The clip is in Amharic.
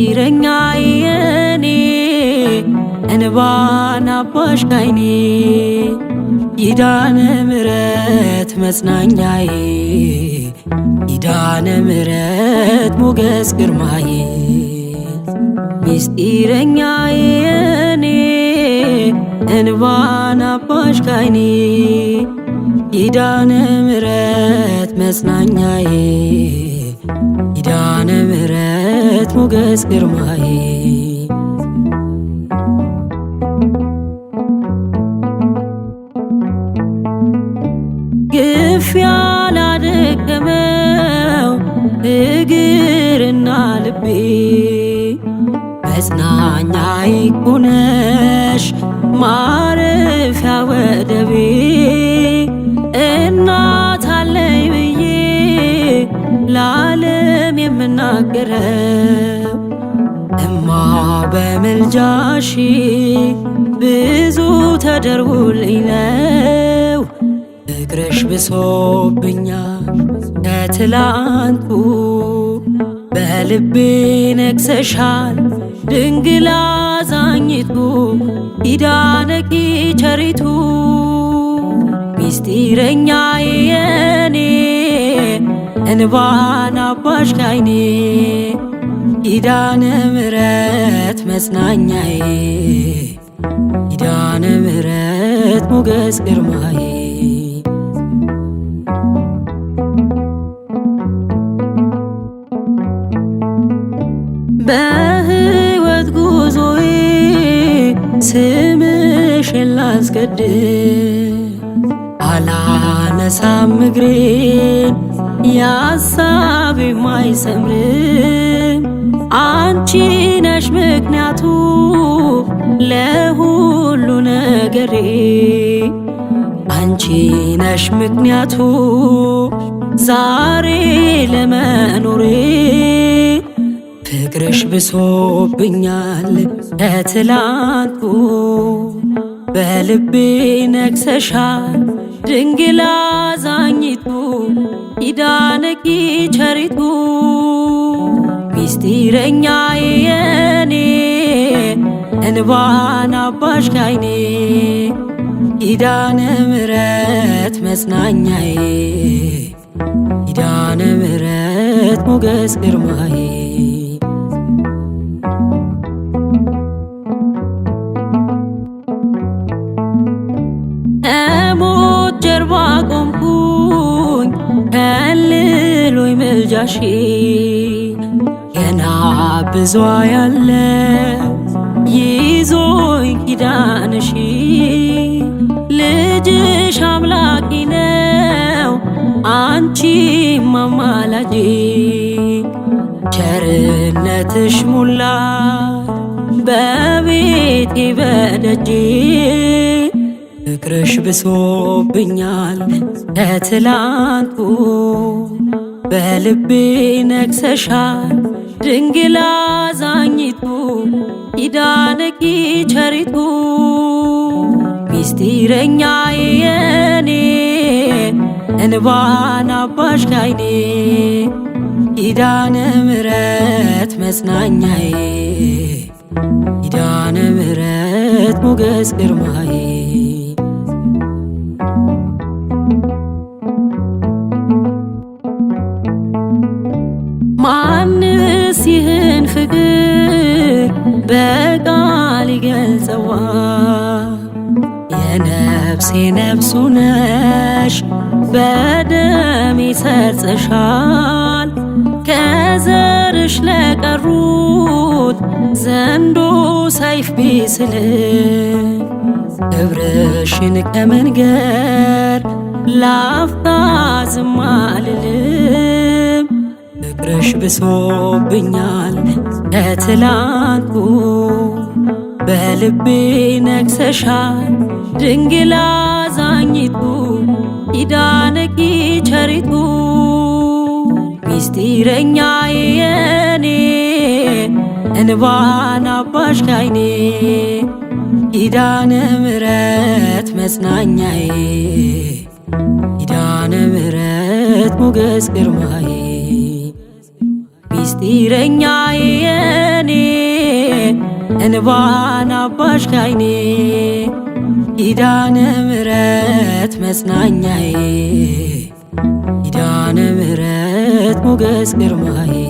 ይረኛየኔ እንባን አባሽ ካይኔ ይዳነ ምረት መጽናኛዬ ይዳነ ምረት ሞገስ ግርማዬ ሚስጢረኛየኔ እንባን አባሽ ካይኔ ኪዳነ ምሕረት መጽናኛዬ ኪዳነ ምሕረት ሞገስ ግርማዬ ግፍ ያላደከመው እግርና ልቤ መጽናኛ ይኩነሽ ማረፊያ ወደቤ ለዓለም የምናገረው እማ በምልጃሽ ብዙ ተደርጎልኝ ነው። እግረሽ ብሶብኛ ከትላንቱ በልቤ ነግሰሻል ድንግል አዛኝቱ ኪዳነኪ ቸሪቱ ሚስጢረኛዬ የኔ እንባን አባሽ ካይኔ ኪዳነ ምሕረት መጽናኛዬ ኪዳነ ምሕረት ሞገስ ግርማዬ በሕይወት ጉዞዬ ስምሽን ላስቀድም ባላነሳም እግሬን የአሳብ የማይሰምርም አንቺ ነሽ ምክንያቱ ለሁሉ ነገሬ አንቺ ነሽ ምክንያቱ ዛሬ ለመኖሬ ፍቅርሽ ብሶብኛል ከትላንቱ በልቤ ነግሰሻል ድንግል አዛኝቱ ኪዳነኪ ቸሪቱ ሚስጢረኛዬ የኔ እንባን አባሽ ካይኔ ኪዳነ ምሕረት መጽናኛዬ ኪዳነ ምሕረት ሞገስ ግርማዬ ጋሼ ገና ብዙ ያለ ይዞኝ ኪዳንሽ ልጅሽ አምላኪ ነው አንቺ ማማላጅ ቸርነትሽ ሙላ በቤቴ በደጄ ፍቅርሽ ብሶብኛል ከትላንቱ በልቤ ነግሰሻል ድንግል አዛኝቱ ኪዳነ ቸሪቱ ሚስጢረኛዬ የኔ እንባን አባሽ ጋይኔ ኪዳነ ምሕረት መጽናኛዬ ኪዳነ ምሕረት ሞገስ ግርማዬ በቃል ይገልጸዋል። የነፍሴ ነፍሱ ነሽ በደም ይሰርጽሻል። ከዘርሽ ለቀሩት ዘንዶ ሰይፍ ቢስል ክብርሽን ከመንገር ላፍታ ዝም ፍቅርሽ ብሶብኛል ከትላንቱ በልቤ ነግሰሻል ድንግል አዛኝቱ ኪዳነኪ ቸሪቱ ሚስጢረኛዬ የኔ እንባን አባሽ ካይኔ ኪዳነ ምሕረት መጽናኛዬ ኪዳነ ምሕረት ሞገስ ግርማዬ ሚስጢረኛዬ የኔ እንባን አባሽ ካይኔ ኪዳነ ምሕረት መጽናኛዬ ኪዳነ ምሕረት ሞገስ ግርማዬ